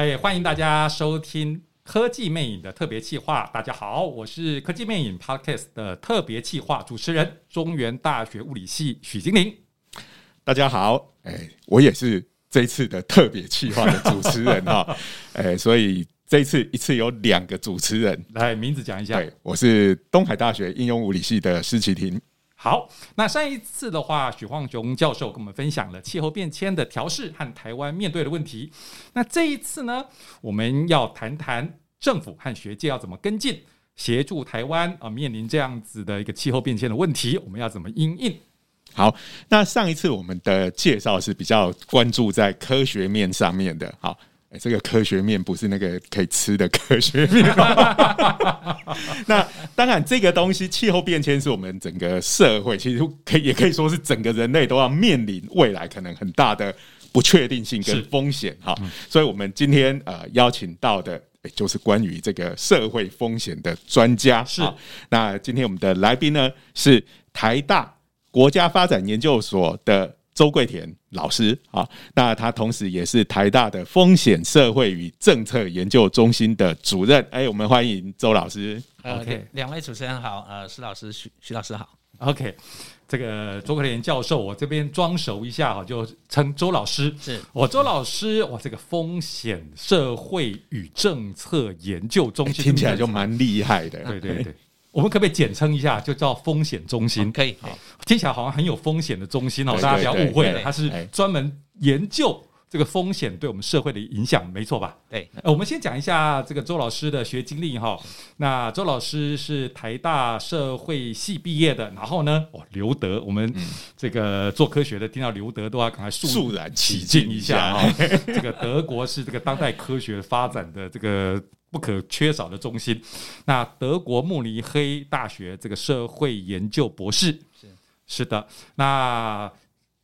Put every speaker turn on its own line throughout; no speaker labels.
哎、欸，歡迎大家收聽《科技魅癮》的特別企劃。大家好，我是《科技魅癮》Podcast 的特別企劃主持人，中原大學物理系
許經夌。大家好，哎、欸，我也是這次的特別企劃的主持人哈，哎、 欸，所以這一次一次有兩個主持人，來名字講一下。對，我是東海大學應用物理系的施奇廷。好，
那上一次的話，許晃雄教授跟我們分享了氣候變遷的調適和台灣面對的問題。那這一次呢，我們要談談政府和學界要怎麼跟進，協助台灣啊面臨這樣子的一個氣候變遷的問題，我們要怎麼因應？
好，那上一次我們的介紹是比較關注在科學面上面的，好。欸、這個科學面不是那個可以吃的科學麵。 那當然，這個東西氣候變遷是我們整個社會，其實可以也可以說是整個人類都要面臨未來可能很大的不確定性跟風險哈、嗯。所以，我們今天呃邀請到的，欸、就是關於這個社會風險的專家。是好，那今天我們的來賓呢，是台大國家發展研究所的。周桂田老師啊，那他同時也是台大的風險社會與政策研究中心的主任。欸、我們歡迎周老師。
OK，兩、okay, 位主持人好，呃，施老師、許許老師好。OK，這個周桂田教授，我這邊裝熟一下哈，就稱周老師。是，我、哦、周老師，哇，這個風險社會與政策研究中心、欸、聽起來就蠻厲害的、啊。對對對。欸我們可不可以簡稱一下，就叫風險中心？可以，聽起來好像很有風險的中心哦，大家不要誤會，了，它是專門研究這個風險對我們社會的影響，沒錯吧？對。我們先講一下這個周老師的學經歷哈。那周老師是台大社會系畢業的，然後呢，哦，留德，我們這個做科學的聽到留德都要趕快肅然起敬一下啊、哦。這個德國是這個當代科學發展的這個。不可缺少的中心。那德國慕尼黑大學這個社會研究博士，是是的。那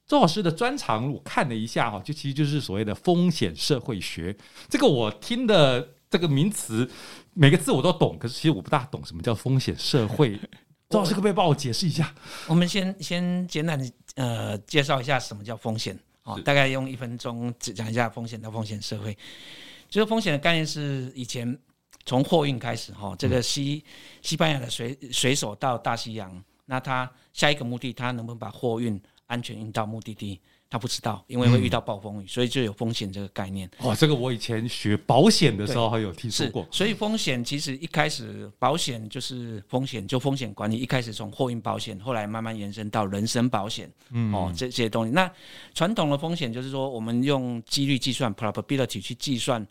周老師的專長，我看了一下哈，就其實就是所謂的風險社會學。這個我聽的這個名詞，每個字我都懂，可是其實我不大懂什麼叫風險社會。 周老師可不可以幫我解釋一下？
我，我們先先簡單呃介紹一下什麼叫風險，哦，大概用一分鐘只講一下風險的風險社會。這個風險的概念是以前從貨運開始哈，這個西西班牙的水水手到大西洋，那他下一個目的，他能不能把貨運安全運到目的地？他不知道，因為會遇到暴風雨，嗯、所以就有風險這個概念。哦，這個
我以前學保險的時候還有聽說過。
所以風險其實一開始保險就是風險，就風險管理一開始從貨運保險，後來慢慢延伸到人身保險、嗯，哦這些東西。那傳統的風險就是說，我們用幾率計算 （probability） 去計算。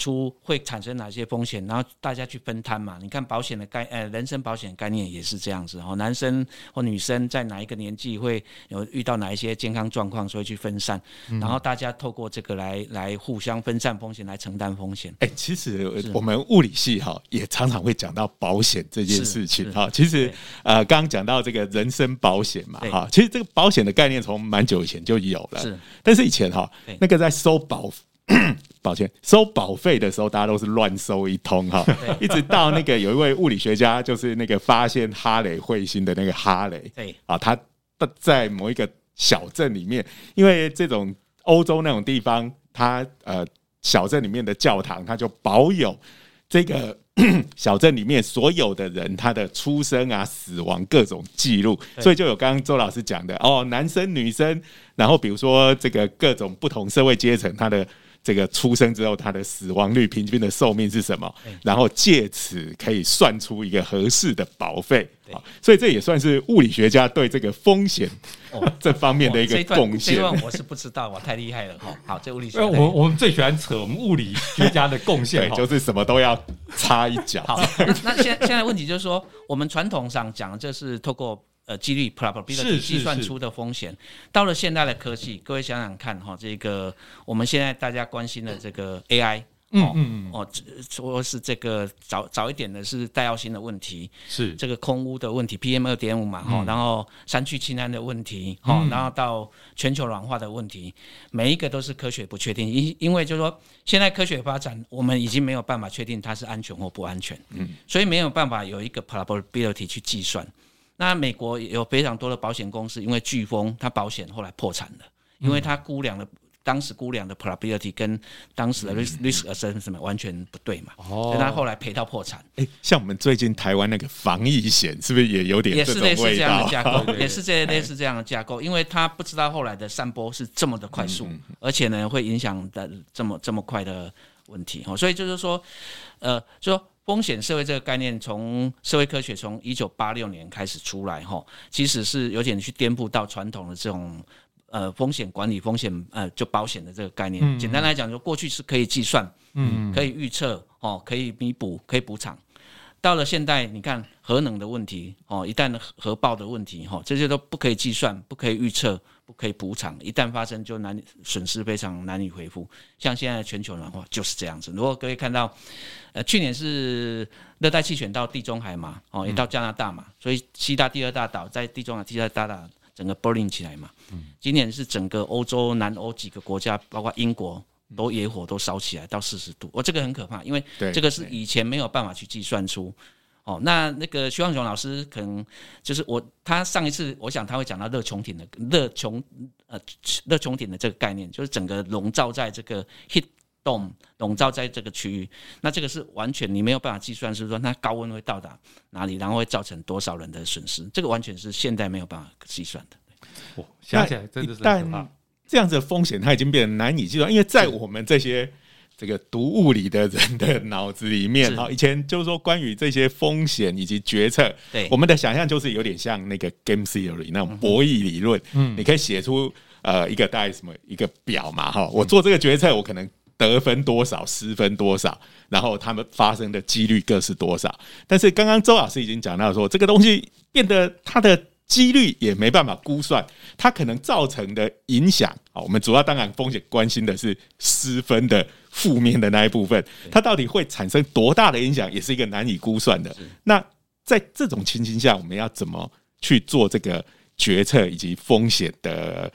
出會產生哪些風險，然後大家去分攤嘛。你看保險的概，呃，人身保險概念也是這樣子哈。男生或女生在哪一個年紀會有遇到哪一些健康狀況，所以去分散。嗯、然後大家透過這個來來互相分
散風險，來承擔風險。哎、欸，其實我們物理系哈也常常會講到保險這件事情哈。其實呃，剛剛講到這個人身保險嘛哈，其實這個保險的概念從蠻久以前就有了。是，但是以前哈那個在收保。抱歉，收保費的時候，大家都是亂收一通哈，喔、一直到那個有一位物理學家，就是那個發現哈雷彗星的那個哈雷，啊、喔，他在某一個小鎮裡面，因為這種歐洲那種地方，他呃小鎮裡面的教堂，他就保有這個 小鎮裡面所有的人他的出生啊、死亡各種記錄，所以就有剛剛周老師講的哦、喔，男生女生，然後比如說這個各種不同社會階層他的。這個出生之後，他的死亡率、平均的壽命是什麼？然後借此可以算出一個合適的保費。所以這也算是物理學家對這個風險這方面的一個貢獻。哦哦、 我是
不知道我太厲害了哈。好，這物理學家我我
們最喜歡扯我們物理學家的貢獻， 就是什麼都要插一腳。 好，那
現現在問題就是說， 我們傳統上講的就是透過。呃，幾率 probability 計算出的風險，到了現代的科技，各位想想看哈，哦，這個我們現在大家關心的這個 AI，哦，嗯嗯，哦，說是這個早早一點的是戴奧辛的問題，是這個空污的問題，PM 二點五嘛，哈，然後三聚氰胺的問題，哈，哦嗯哦嗯，然後到全球暖化的問題，每一個都是科學不確定，因因為就是說現在科學發展，我們已經沒有辦法確定它是安全或不安全，嗯，所以沒有辦法有一個 probability 去計算。那美國也有非常多的保險公司，因為颶風，它保險後來破產了，因為它估量的當時估量的 probability 跟當時的 risk
risk assessment 完全不對嘛，哦，所以它後來
賠到破產。
誒，像我們最近台灣那個防疫險，是不是也有點也是類似這樣的架構？也是這類
似這樣的架構， 因為它不知道後來的散播是這麼的快速，嗯、而且呢會影響的這麼這麼快的問題。哦，所以就是說，呃，就說。風險社會這個概念，從社會科學從一九八六年開始出來吼，其實是有點去顛覆到傳統的這種呃風險管理風險呃就保險的這個概念。簡單來講，就過去是可以計算，嗯，可以預測，哦，可以彌補，可以補償。到了現在，你看核能的問題，哦，一旦核爆的問題，吼，這些都不可以計算，不可以預測。可以補償，一旦發生就難，損失非常難以恢復。像現在全球暖化就是這樣子。如果各位看到，呃，去年是熱帶氣旋到地中海嘛，哦，也到加拿大嘛，所以七大第二大島在地中海，第二大島整個 burning 起來嘛。嗯，今年是整個歐洲、南歐幾個國家，包括英國都野火都燒起來到四十度，哦，這個很可怕，因為這個是以前沒有辦法去計算出。哦，那那個徐望雄老師可能就是我，他上一次我想他會講到熱穹頂的熱穹呃熱穹頂的這個概念，就是整個籠罩在這個 heat dome，籠罩在這個區域，那這個是完全你沒有辦法計算，是說它高溫會到達哪裡，然後會造成多少人的損失，這個完全是現在沒有辦法計算的。哇、哦，
想起來真的是可怕。但這樣子的風險，它已經變得難以計算，因為在我們這些。這個讀物理的人的腦子裡面哈，以前就是說關於這些風險以及決策，對我們的想象就是有點像那個 game theory 那種博弈理論，嗯，你可以寫出呃一個大概什麼一個表嘛哈，我做這個決策我可能得分多少，失分多少，然後他們發生的幾率各是多少。但是剛剛周老師已經講到說，這個東西變得它的幾率也沒辦法估算，它可能造成的影響啊。我們主要當然風險關心的是失分的。負面的那一部分，它到底會產生多大的影響，也是一個難以估算的。那在這種情形下，我們要怎麼去做這個決策以及風險的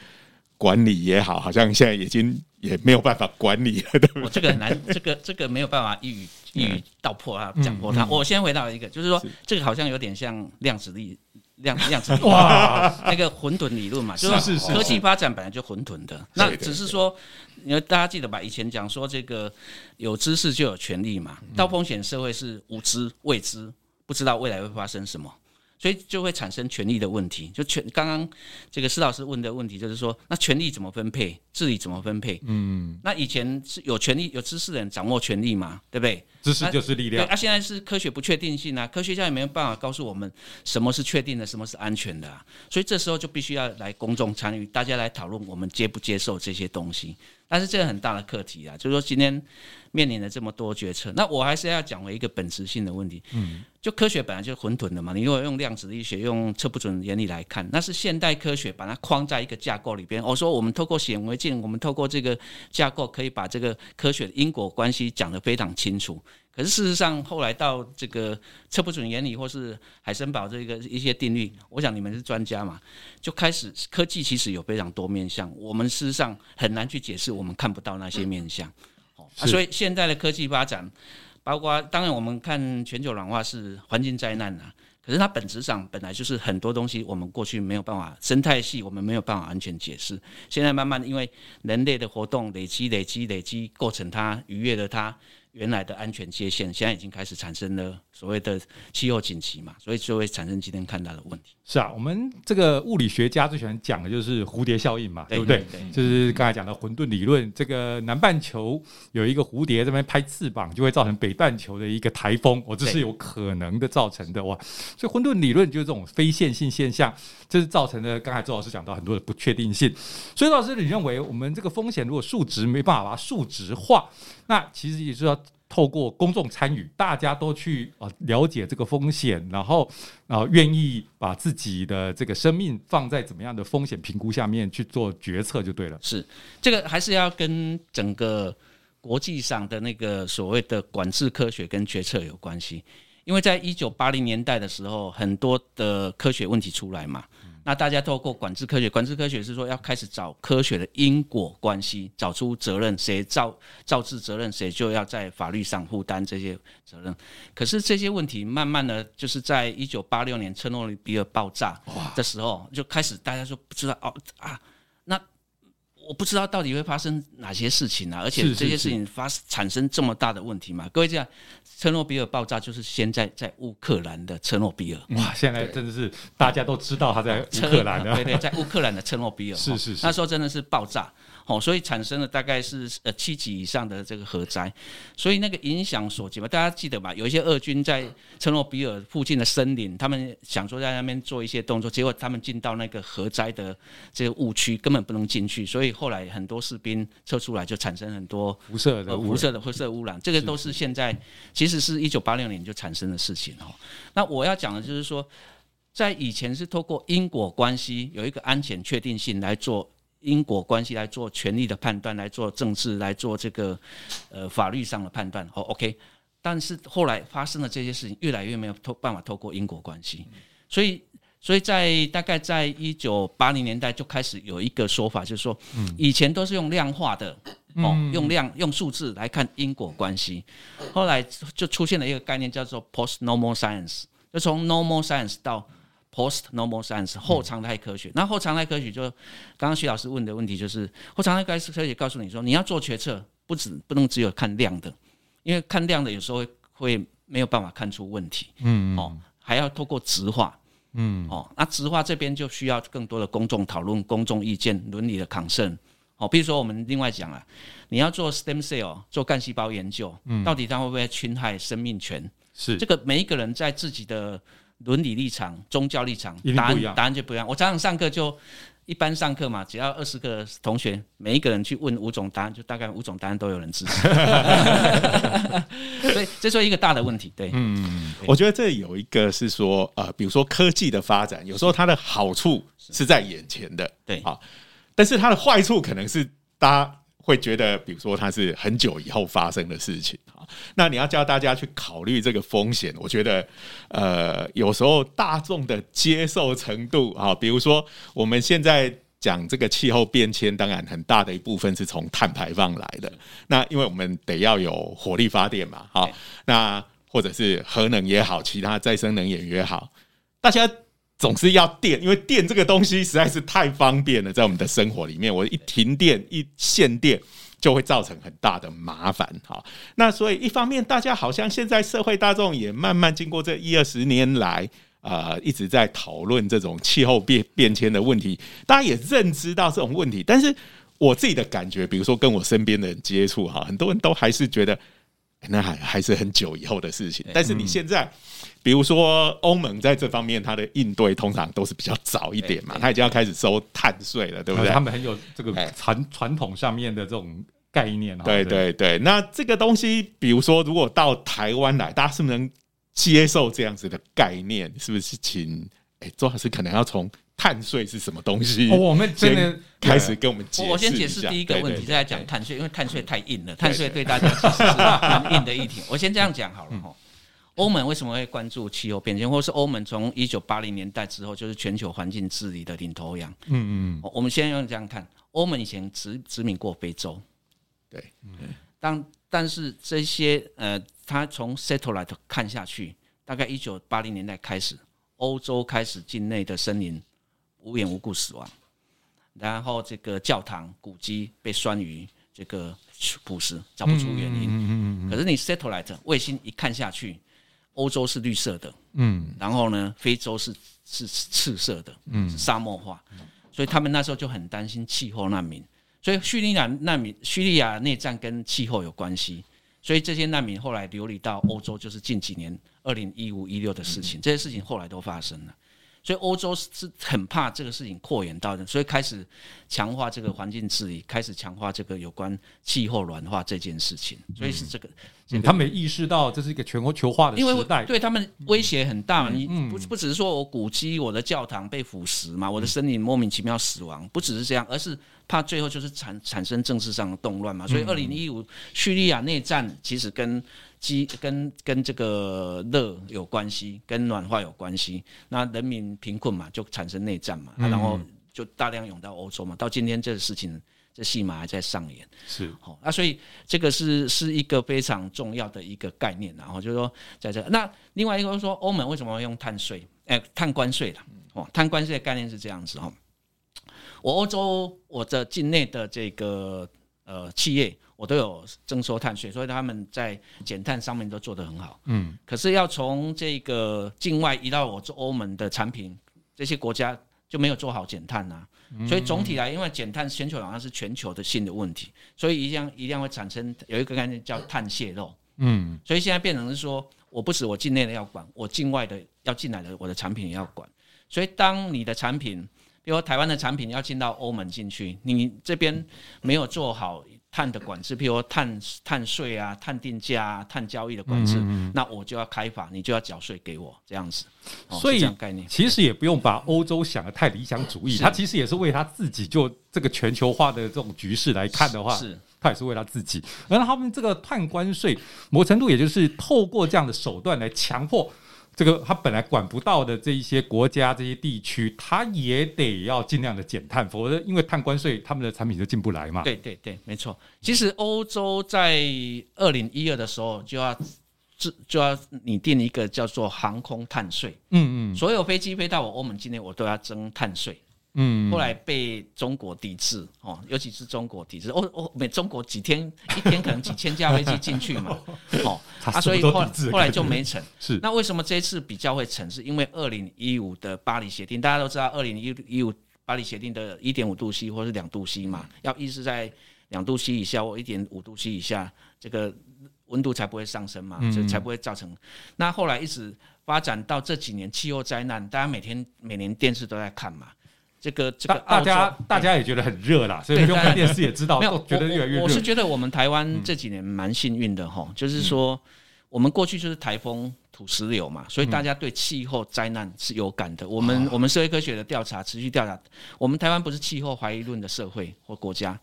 管理也好，好像現在已經也沒有辦法管理了。我這
個難，這個這個沒有辦法一語一語道破啊，講破它。過他嗯、我先回到一個，就是說，這個好像有點像量子力樣樣子哇，那個混沌理論嘛，就是科技發展本來就混沌的。那只是說，因為大家記得吧，以前講說這個有知識就有權力嘛。到風險社會是無知未知，不知道未來會發生什麼，所以就會產生權力的問題。就全剛剛這個施老師問的問題，就是說那權力怎麼分配？自己怎麼分配？嗯，那以前是有權利、有知識的人掌握權力嘛，對不對？知識就是力量。那、啊、現在是科學不確定性啊，科學家也沒有辦法告訴我們什麼是確定的，什麼是安全的、啊，所以這時候就必須要來公眾參與，大家來討論我們接不接受這些東西。但是這個很大的課題啊，就是說今天面臨了這麼多決策，那我還是要講回一個本質性的問題。嗯，就科學本來就混沌的嘛，你如果用量子力學、用測不準原理來看，那是現代科學把它框在一個架構裡邊。我說我們透過顯微鏡。我們透過這個架構，可以把這個科學的因果關係講得非常清楚。可是事實上，後來到這個測不準原理或是海森堡這個一些定律，我想你們是專家嘛，就開始科技其實有非常多面向。我們事實上很難去解釋，我們看不到那些面向啊。所以現在的科技發展，包括當然我們看全球暖化是環境災難啊。可是它本質上本來就是很多東西，我們過去沒有辦法，生態系我們沒有辦法完全解釋。現在慢慢的，因為人類的活動累積、累積、累積，構成它逾越了它原來的安全界限，現在已經開始產生了所謂的氣候緊
急嘛，所以就會產生今天看到的問題。是啊，我們這個物理學家最喜歡講的就是蝴蝶效應嘛，對，對不對，對，對？就是剛才講的混沌理論，這個南半球有一個蝴蝶這邊拍翅膀，就會造成北半球的一個颱風。我、哦、這是有可能的造成的哇！所以混沌理論就是這種非線性現象，這、就是造成的。剛才周老師講到很多的不確定性，所以老師，你認為我們這個風險如果數值沒辦法把它數值化？那其實也是要透過公眾參與，大家都去啊了解這個風險，然後啊願意把自己的這個生命放在怎麼樣的風險評估下面去做決策就對了。是。這個還是要跟整個國際
上的那個所謂的管制科學跟決策有關係，因為在一九八零年代的時候，很多的科學問題出來嘛。那大家透過管制科學，管制科學是說，要開始找科學的因果關係，找出責任，誰造造制責任，誰就要在法律上負擔這些責任。可是這些問題，慢慢的就是在一九八六年車諾比爾爆炸的時候，就開始大家就不知道哦啊，那。我不知道到底會發生哪些事情啊，而且這些事情發是是是產生這麼大的問題嘛。各位這樣，車諾比爾爆炸就是現在在烏克蘭的車諾比爾。哇，現在真的是大家都知道他在烏克蘭對，對對，在烏克蘭的車諾比爾。是是是、哦，那時候真的是爆炸。哦，所以產生了大概是呃七級以上的這個核災，所以那個影響所及嘛，大家記得吧？有一些俄軍在車諾比爾附近的森林，他們想說在那邊做一些動作，結果他們進到那個核災的這個誤區，根本不能進去。所以後來很多士兵撤出來，就產生很多輻射的輻射的輻射污染。這個都是現在其實是一九八六年就產生的事情哦。那我要講的就是說，在以前是透過因果關係有一個安全確定性來做。因果關係來做權力的判斷，來做政治，來做這個呃法律上的判斷。好，oh，OK。但是後來發生了這些事情，越來越沒有辦法透過因果關係。所以，所以在大概在一九八零年代就開始有一個說法，就是說，以前都是用量化的，
嗯、哦，用
量用數字來看因果關係，後來就出現了一個概念，叫做 post-normal science，就從 normal science 到。Post normal science，嗯、後常態科學，那後，後常態科學就剛剛徐老師問的問題，就是後常態科學告訴你說，你要做決策，不只不能只有看量的，因為看量的有時候會，會沒有辦法看出問題。嗯，哦，還要透過質化。
嗯。
哦，那質化這邊就需要更多的公眾討論、公眾意見、倫理的 concern。哦，比如說我們另外講了，你要做 stem cell 做幹細胞研究、嗯，到底它會不會侵害生命權？是這個每一個人在自己的。倫理立場、宗教立場，一定不一樣，答案，答案就不一樣。我常常上課，就一般上課嘛，只要二十個同學，每一個人去問五種答案，就大概五種答案都有人知道。所 以， 這是一個大的問題，對，嗯，對，我覺
得這有一個是說，呃，比如說科技的發展，有時候它的好處是在眼前的，對啊，但是它的壞處可能是大。會覺得，比如說它是很久以後發生的事情啊。那你要教大家去考慮這個風險，我覺得呃，有時候大眾的接受程度啊，比如說我們現在講這個氣候變遷，當然很大的一部分是從碳排放來的。那因為我們得要有火力發電嘛，啊，那或者是核能也好，其他再生能源也好，大家，總是要電，因為電這個東西實在是太方便了，在我們的生活裡面，我一停電、一限電，就會造成很大的麻煩哈。那所以一方面，大家好像現在社會大眾也慢慢經過這一二十年來，啊，一直在討論這種氣候變變遷的問題，大家也認知到這種問題。但是我自己的感覺，比如說跟我身邊的人接觸哈，很多人都還是覺得。那還還是很久以後的事情，但是你現在，比如說歐盟在這方面，它的應對通常都是比較早一點嘛，它已經要開始收碳稅了，對不對？他們很
有這個傳傳統上面的這種概念啊。對對
對，對，那這個東西，比如說如果到台灣來，大家是不是能接受這樣子的概念？是不是請哎周老師可能要從？碳稅是什麼東西？哦、我們今天開始跟我們釋我先解釋第一個問題，
再來講碳稅，因為碳稅太硬了，對對對，碳稅對大家是對對對硬的議題。對對對，我先這樣講好了哈。歐、嗯、盟為什麼會關注氣候變遷？或是歐盟從一九八零年代之後就是全球環境治理的領頭羊？嗯嗯。我們先用這樣看，歐盟以前殖殖民過非洲，對，嗯。當但是這些呃，它從 satellite 看下去，大概一九八零年代開始，歐洲開始境內的森林。無緣無故死亡，然後這個教堂古蹟被酸雨這個腐蝕，找不出原因。嗯嗯嗯嗯，可是你 Satellite 衛星一看下去，歐洲是綠色的，嗯，嗯，然後呢，非洲是是赤色的，嗯，是沙漠化，嗯嗯嗯，所以他們那時候就很擔心氣候難民。所以敘利亞難民，敘利亞內戰跟氣候有關係，所以這些難民後來流離到歐洲，就是近幾年二零一五一六的事情，嗯嗯，這些事情後來都發生了。所以歐洲是很怕這個事情擴延到的，所以開始強化這個環境治理，開始強化這個有關氣候暖化這件事情，所以是這個。嗯、他沒意識到這是一個全球、球化的時代，因為對他們威脅很大。你不不只是說我古蹟、我的教堂被腐蝕嘛，我的身體莫名其妙死亡，不只是這樣，而是怕最後就是產產生政治上的動亂嘛。所以，二零一五敘利亞內戰其實跟激、跟跟這個熱有關係，跟暖化有關係。那人民貧困嘛，就產生內戰嘛，然後就大量湧到歐洲嘛。到今天這個事情。這戲碼還在上演。是哦，那所以這個是是一個非常重要的一個概念、啊，然後就是、說在這那另外一個說歐盟為什麼要用碳稅？哎、欸，碳關稅了哦，碳關稅的概念是這樣子哦，我歐洲我的境內的這個呃企業我都有徵收碳稅，所以他們在減碳上面都做得很好，嗯，可是要從這個境外移到我做歐盟的產品，這些國家就沒有做好減碳吶、啊。所以總體來，因為減碳全球好像是全球的性的問題，所以一定一定會產生有一個概念叫碳洩漏。嗯，所以現在變成是說，我不止我境內的要管，我境外的要進來的，我的產品也要管。所以當你的產品，比如說台灣的產品要進到歐盟進去，你這邊沒有做好碳的管制，譬如說碳碳稅啊、碳定價啊、碳交易的管制，嗯嗯嗯，那我就要開罰，你就要繳稅給我這樣子。所以、哦、
其實也不用把歐洲想得太理想主義，他其實也是為他自己，就這個全球化的這種局勢來看的話，是，他也是為他自己。而他們這個碳關稅某程度也就是透過這樣的手段來強迫。這個他本來管不到的這一些國家、這些地區，他也得要盡量的減碳，否則因為碳關稅，他們的產品就進不來嘛。對對對，沒錯。
其實歐洲在二零一二的時候就要就就要擬定一個叫做航空碳稅。嗯嗯，所有飛機飛到我歐盟境內，我都要徵碳稅。嗯，後來被中國抵制哦，尤其是中國抵制哦哦，每中國幾天一天可能幾千架飛機進去嘛， 哦，啊，所以後來後來就沒成。 是那為什麼這一次比較會成？是因為二零一五的巴黎協定，大家都知道二零一一五巴黎協定的一點五度 C 或是兩度 C 嘛、嗯，要一直在兩度 C 以下或一點五度 C 以下，這個溫度才不會上升嘛，就才不會造成嗯嗯。那後來一直發展到這幾年氣候災難，大家每天每年電視都在看嘛。這個，大、這個、大家大家也覺得很
熱啦，所以不用看電視也知道，覺得越來越熱。 我是覺
得我們台灣這幾年蠻幸運的吼、嗯，就是說我們過去就是颱風、土石流嘛，所以大家對氣候災難是有感的。嗯、我們我們社會科學的調查持續調查，我們台灣不是氣候懷疑論的社會或國家，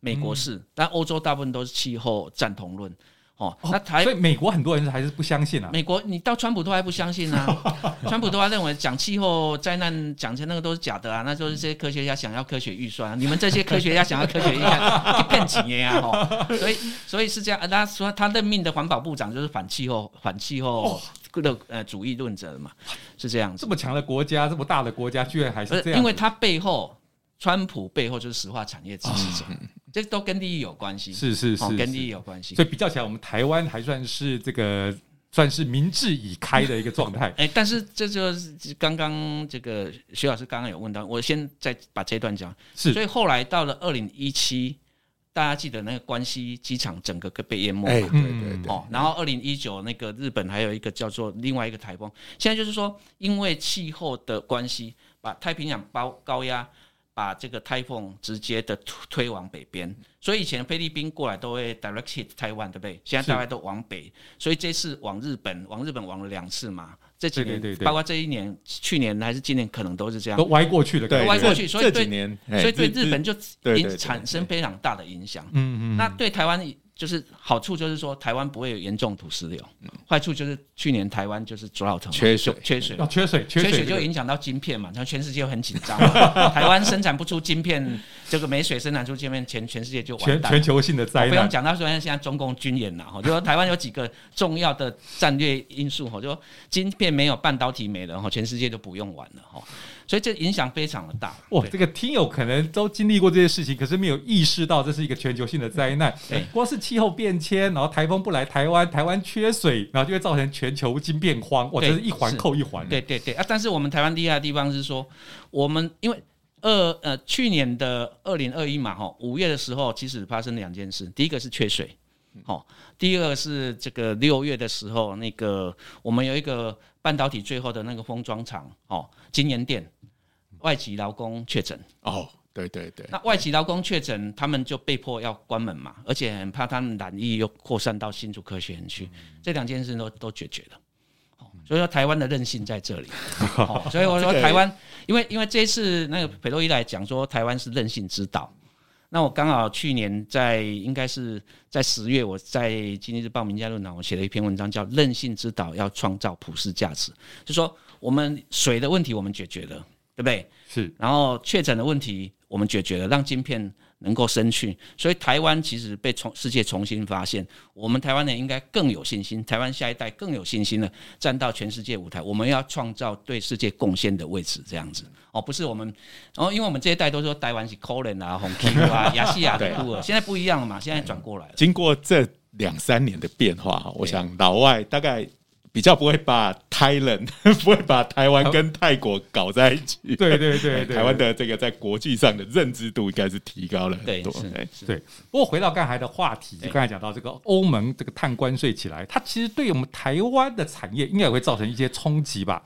美國是，嗯、但歐洲大部分都是氣候贊同論。哦，那台、哦、所以美國很多人還是不相信啊。美國，你到川普都還不相信啊。 川普都還認為講氣候災難、講成那個都是假的啊。那就是這些科學家想要科學預算、啊， 你們這些科學家想要科學預算就更緊呀。 啊、哦。所以，所以是這樣。家、呃、說他任命的環保部長就是反氣候、反氣候的、哦、呃主義論者嘛，
是這樣子。這麼強的國家，這麼大的國家，居
然還是這樣。因為他背後，川普背後就是石化產業支持者。啊這都跟利益有關係，是是是，是，哦，跟利益有關係是是。所以比
較起來，我們台灣還算是這個算是民智已開的一個狀態。哎、嗯欸，但
是這就是剛剛這個許老師剛剛有問到，我先再把這一段講。所以後來到了二零一七，大家記得那個關西機場整個被淹沒了。哎、欸，對對對。嗯哦、然後二零一九那個日本還有一個叫做另外一個颱風。現在就是說，因為氣候的關係，把太平洋包高高壓。把這個颱風直接的推往北邊，所以以前菲律賓過來都會 direct hit 台灣，對不對？現在大概都往北，所以這次往日本，往日本往了兩次嘛。這幾年，包括這一年、去年還是今年，可能都是這樣。都歪過去的，對，都歪過去。所以對，所以對日本就影產生非常大的影響。嗯嗯。那對台灣。就是好處就是說，台灣不會有嚴重土石流。嗯、壞處就是去年台灣就是主要藤缺水，缺水，缺水，缺水就影響到晶片嘛，然後全世界很緊張。 台灣生產不出晶片， 這個沒水生產出晶片前，全全世界就完蛋。全球性的災難。我不用講到說現在，現在中共軍演吶，就是、說台灣有幾個重要的戰略因素，就是、說晶片沒有半導體沒了，
哈，全世界就不用玩了，哈。所以這影響非常的大。哇，這個聽友可能都經歷過這些事情，可是沒有意識到這是一個全球性的災難。誒，光是氣候變遷，然後台風不來台灣，台灣缺水，然後就會造成全球金變荒。哇，這是一環扣一環。對對對啊！但是我們台灣厲害的地方是說，我們因為二呃去年的
二零二一嘛哈，五月的時候其實發生兩件事，第一個是缺水，好、哦，第二個是這個六月的時候，那個我們有一個半導體最後的那個封裝廠哦，京元電。外籍勞工確診哦，oh, 對對對，那外籍勞工確診，他們就被迫要關門嘛，而且很怕他們染疫又擴散到新竹科學園區。嗯、這兩件事都都解決了。嗯、所以說，台灣的韌性在這裡。 哦、所以我說，台灣，因為因為這一次那個裴洛西來講說，台灣是韌性之島。那我剛好去年在應該是在十月，我在今日報名家論壇，我寫了一篇文章，叫《韌性之島要創造普世價值》，就說我們水的問題，我們解決了。對不對？是，然後確診的問題我們解決了，讓晶片能夠生去，所以台灣其實被從世界重新發現。我們台灣人應該更有信心，台灣下一代更有信心地站到全世界舞台，我們要創造對世界貢獻的位置，這樣子。嗯。哦，不是我們，哦，因為我們這一代都說台灣是 Colin
啊、紅 Q 啊、亞細亞的，對，
現在不一樣了嘛，現在轉過來了。
嗯，經過這兩三年的變化，啊。我想老外大概。比較不會把泰人， 不會把台灣跟泰國搞在一起。 對對對，對，台灣的這個在國際上的認知度應該是提高了很多。對。
對，不過回到剛才的話題，就剛才講到這個歐盟這個碳關稅起來，它其實對我們台灣的產業應該也會造成一些衝擊吧。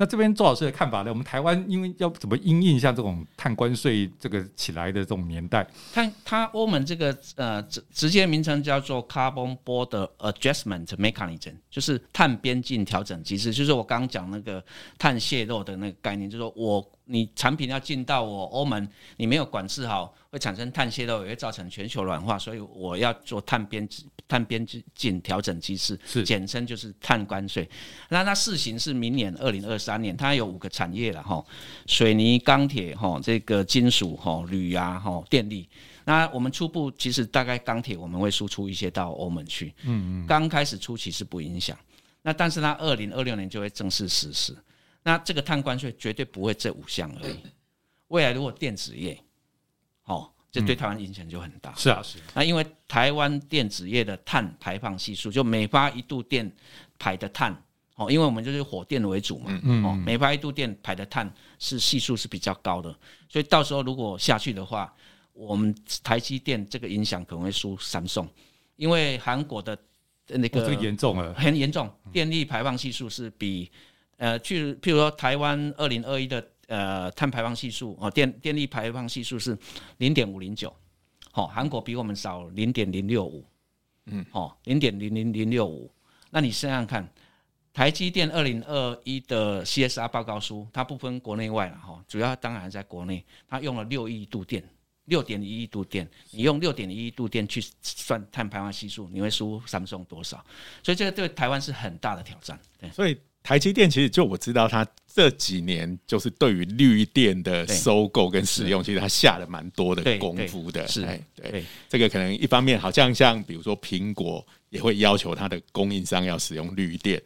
那這邊周老師的看法呢？我們台灣因為要怎麼因應應一下這種碳關稅這個起來的這種年代它，它它歐盟這個呃直直接名稱叫做 Carbon
Border Adjustment Mechanism，就是碳邊境調整機制，就是我剛剛講那個碳泄漏的那個概念，就是說我。你產品要進到我歐盟，你沒有管制好，會產生碳洩漏，也會造成全球暖化，所以我要做碳邊碳邊境調整機制，簡稱就是碳關稅。那它試行是明年二零二三年，它有五個產業了哈，水泥、鋼鐵哈，這個金屬哈、鋁啊哈、電力。那我們初步其實大概鋼鐵我們會輸出一些到歐盟去，嗯嗯，剛開始初期是不影響，那但是它二零二六年就會正式實施。那這個碳關稅絕對不會這五項而已。未來如果電子業，哦，這對台灣影響就很大，嗯。是啊，是啊。那因為台灣電子業的碳排放係數，就每發一度電排的碳，哦，因為我們就是火電為主嘛，嗯嗯，哦，每發一度電排的碳是係數是比較高的。所以到時候如果下去的話，我們台積電這個影響可能會輸三星，因為韓國的那個最嚴重啊，很嚴重，電力排放係數是比。呃，去，譬如說台2021，台灣二零二一的呃碳排放係數哦，電電力排放係數是零點五零九，好，韓國比我們少零點零六五，嗯，好、哦，零點零零零六五。那你想想看，台積電二零二一的 CSR 報告書，它不分國內外了哈、哦，主要當然在國內，它用了六億度電，六點一億度電，你用六點一億度電去算碳排放係數，你會輸三星多少？所以這個對台灣是很大的挑戰。對，
所以。台積電其實就我知道，他這幾年就是對於綠電的收購跟使用，其實他下了蠻多的功夫的。是對，對，對，對，對，這個可能一方面，好像像比如說蘋果也會要求它的供應商要使用綠電，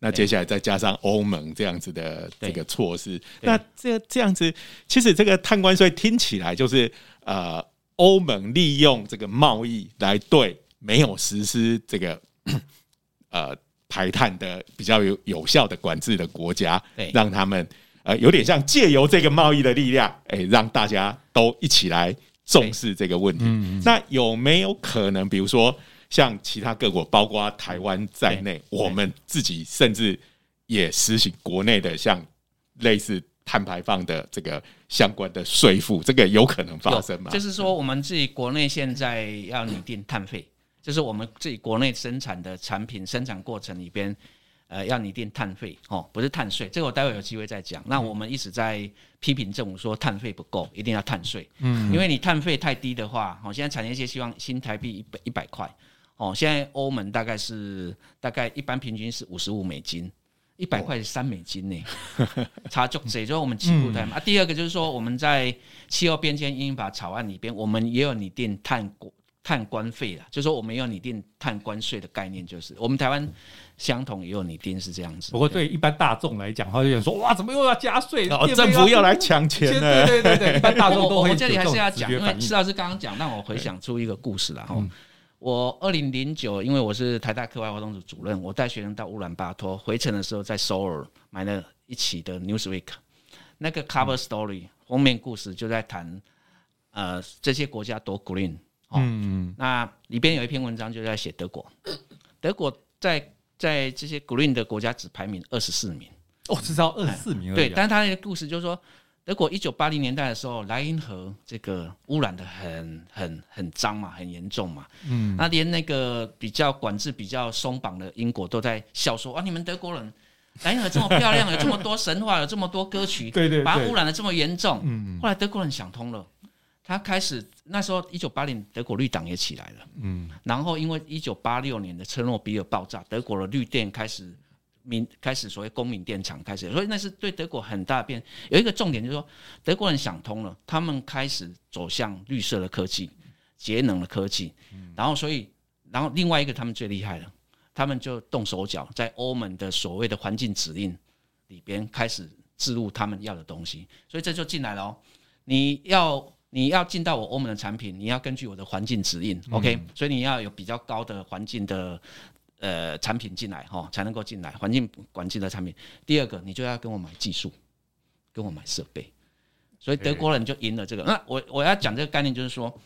那接下來再加上歐盟這樣子的這個措施，那這這樣子，其實這個碳關稅聽起來就是呃，歐盟利用這個貿易來對沒有實施這個呃。排碳的比較有有效的管制的國家，讓他們呃有點像借由這個貿易的力量，誒讓大家都一起來重視這個問題。那有沒有可能，比如說像其他各國，包括台灣在內，我們自己甚至也實行國內的像類似碳排放的這個相關的稅負，這個有可能發生嗎？就是
說，我們自己國內現在要擬定碳費。就是我們自己國內生產的產品，生產過程裡邊，呃，要擬定碳費哦、喔，不是碳稅，這個我待會有機會再講。那我們一直在批評政府說碳費不夠，一定要碳稅，嗯，因為你碳費太低的話，哦、喔，現在產業界希望新台幣一百一百塊，哦、喔，現在歐盟大概是大概一般平均是五十五美金，一百塊是三美金呢， 差距也就是、我們起步台嘛、嗯。啊，第二個就是說我們在氣候變遷因應法草案裡邊，我們也有擬定碳股，碳關費了就說我們有擬定碳關稅的概念，就是我們台灣相同也有擬定是這樣子。不過對一般大眾來講，他就有人說：“
哇，怎麼又要加稅？
政府又來搶錢、啊。”對對對對，一般大眾都會激動。我這裡還是要講，因
為施老師剛剛講，讓我回想出一個故事啦。我二零零九，因為我是台大課外活動組主任，我帶學生到烏蘭巴托，回程的時候在首爾買了一期的《Newsweek》，那個 Cover Story 封、嗯、面故事就在談，呃，這些國家多 green。嗯、哦，那裡邊有一篇文章就在寫德國，德國在在這些 green 的國家只排名二十四名。哦，只到二十四名而已、啊。對，但是他那個故事就是說，德國一九八零年代的時候，萊茵河這個污染得很很很髒嘛，很嚴重嘛。嗯，那連那個比較管制比較鬆綁的英國都在笑說，啊，你們德國人萊茵河這麼漂亮，有這麼多神話， 有這麼多歌曲， 對對，對，把它污染得這麼嚴重。嗯，後來德國人想通了。他開始那時候，一九八零德國綠黨也起來了，嗯，然後因為一九八六年的切諾比爾爆炸，德國的綠電開始民開始所謂公民電廠開始，所以那是對德國很大變。有一個重點就是說，德國人想通了，他們開始走向綠色的科技，節能的科技，嗯。然後所以，然後另外一個他們最厲害的，他們就動手腳，在歐盟的所謂的環境指令裡邊開始置入他們要的東西，所以這就進來了哦，你要。你要進到我歐盟的產品，你要根據我的環境指引，嗯，OK？所以你要有比較高的環境的呃產品進來哈，才能夠進來環境管制的產品。第二個，你就要跟我買技術，跟我買設備。所以德國人就贏了這個。那我我要講這個概念，就是說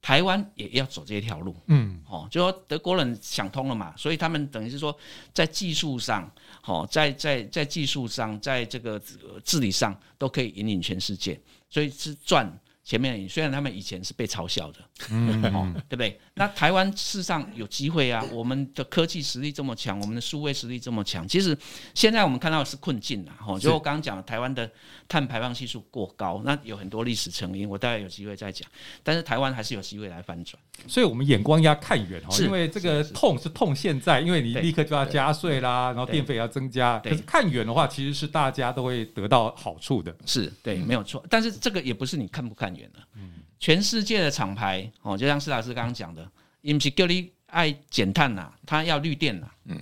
台灣也要走這條路。嗯，哦，就說德國人想通了嘛，所以他們等於是說在技術上，好，在在在技術上，在這個治理上都可以引領全世界，所以是賺。前面，雖然他們以前是被嘲笑的，嗯， 對不對？那台灣事實上有機會啊，我們的科技實力這麼強，我們的數位實力這麼強，其實現在我們看到的是困境啊。哈，就我剛剛講，台灣的碳排放係數過高，那有很多歷史成因，我大概有機會再講。
但是台灣還是有機會來翻轉，所以我們眼光要看遠哦，因為這個痛是痛現在，因為你立刻就要加稅啦，然後電費要增加。可是看遠的話，其實是大家都會得到好處的，是對，沒有錯。但是這個也不是你看不看
嗯、全世界的廠牌、哦、就像施老師剛剛講的，imsecurity 愛減碳吶，它要綠電吶，
嗯，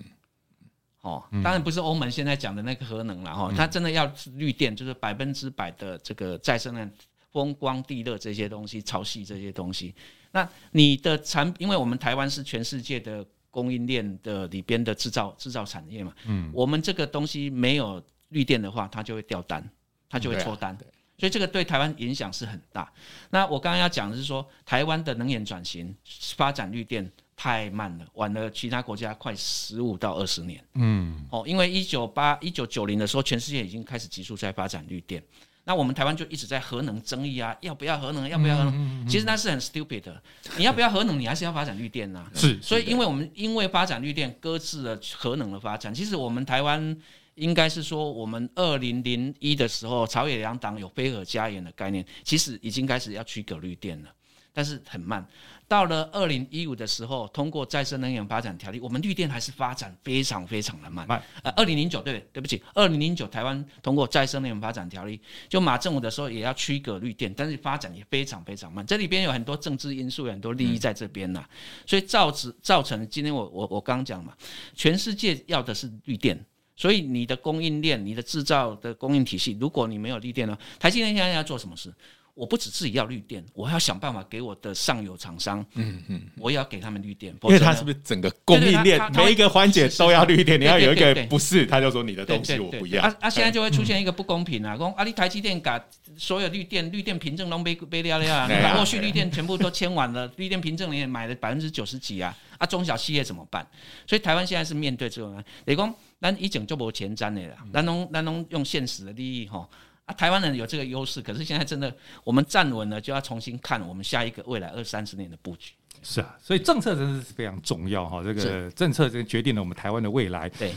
哦，嗯、當然不是歐盟現在講的那個核能了哈，哦、它真的要綠電，就是百分之百的這個再生能源、風光、地熱這些東西、潮汐這些東西。那你的產，因為我們台灣是全世界的供應鏈的裡邊的制造制造產業嘛、嗯，我們這個東西沒有綠電的話，它就會掉單，
它就會脫單。
嗯所以這個對台灣影響是很大。那我剛剛要講的是說，台灣的能源轉型、發展綠電太慢了，晚了其他國家快十五到二十年。嗯，哦，因為一九八、一九九零的時候，全世界已經開始急速在發展綠電。那我們台灣就一直在核能爭議啊，要不要核能？要不要核能？核、嗯嗯嗯？其實那是很 stupid 的。你要不要核能？你還是要發展綠電啊。是。是是，所以，因為我們因為發展綠電擱置了核能的發展。其實我們台灣。應該是說，我們二零零一的時候，朝野兩黨有非核家園的概念，其實已經開始要區隔綠電了，但是很慢。到了二零一五的時候，通過再生能源發展條例，我們綠電還是發展非常非常的慢。嗯、呃，二零零九對，對不起，二零零九台灣通過再生能源發展條例，就馬政府的時候也要區隔綠電，但是發展也非常非常慢。這裡邊有很多政治因素，很多利益在這邊呢、嗯，所以造造成今天我我我剛講嘛，全世界要的是綠電。所以你的供應鏈、你的製造的供應體系，如果你沒有綠電呢？台積電現在要做什麼事？我不只自己要綠電，我要想辦法給我的上游廠商，嗯嗯，我也要給他們綠電，因為他是不是整個供應鏈每一個環節都要綠電？你要有一個不是，他
就說你的東西我不要。啊，啊，啊現在就會出現
一個不公平啊！我、嗯、啊，你台積電把所有綠電、綠電憑證都背背掉了啊！你把、啊啊、後續綠電全部都簽完了，啊啊、完了 綠電憑證你也買了百分之九十幾啊！啊，中小企業怎麼辦？所以台灣現在是面對這種，雷公。但一講就冇前瞻誒了，但、嗯、農，南農用現實的利益哈啊，台灣人有這個優勢，可是現在真的我們站穩了，就要重新看我們下一個未來二三十年的布局。
是啊，所以
政策真的是非常
重要哈，這個政策真的決定了我們台灣的未來。對。